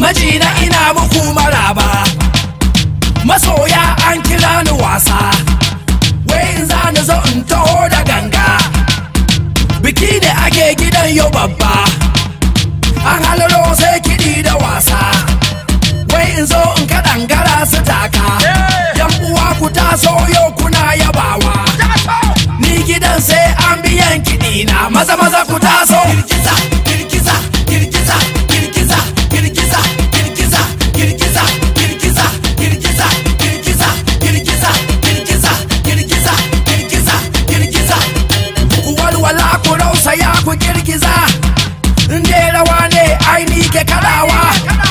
Majina ina muku maraba Masoya an kira ni wasa Wayin in zani zo in taho da ganga Biki ne ake gidan yau babba An halaro sai kiɗi da wasa Wai in zo in kaɗan gara su taka Yan uwa ku taso yau maza maza kutaso girgiza girgiza girgiza girgiza girgiza girgiza girgiza girgiza girgiza ya ndera wane ainike kalawa, kalawa.